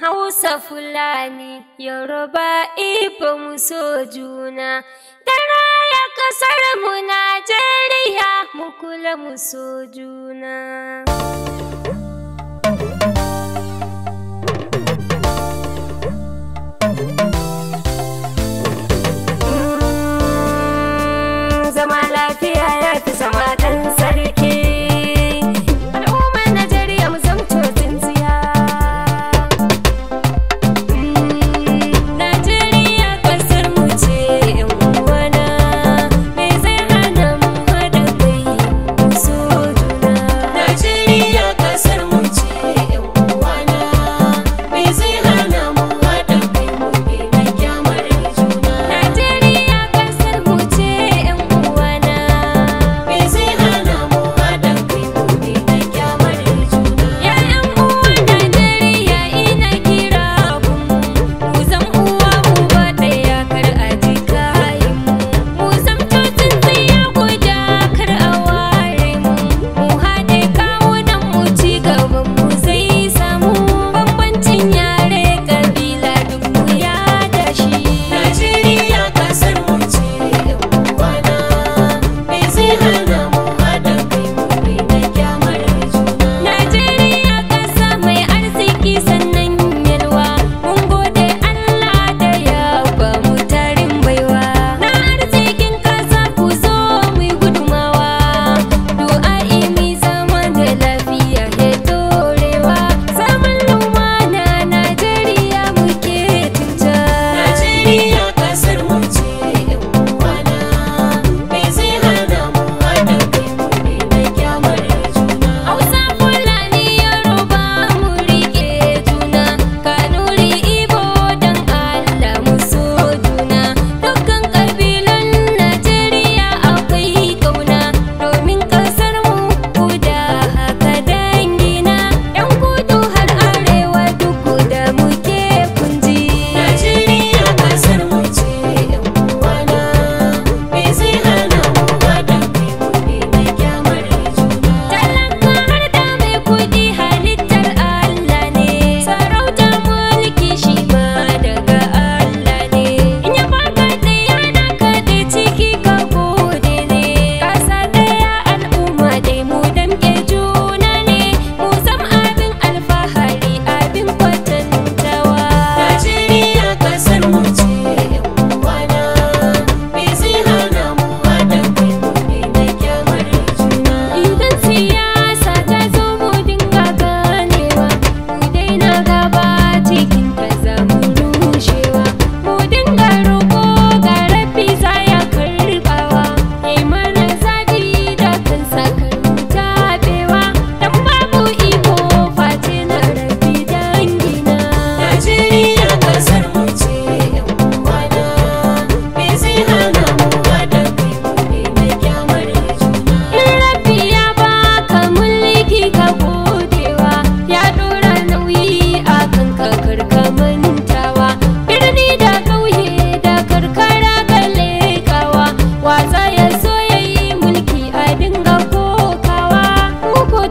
Hausa Fulani, Yoruba, Ibo muso so juna, da raya ƙasarmu Najeriya mu kula mu so juna.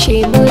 谁？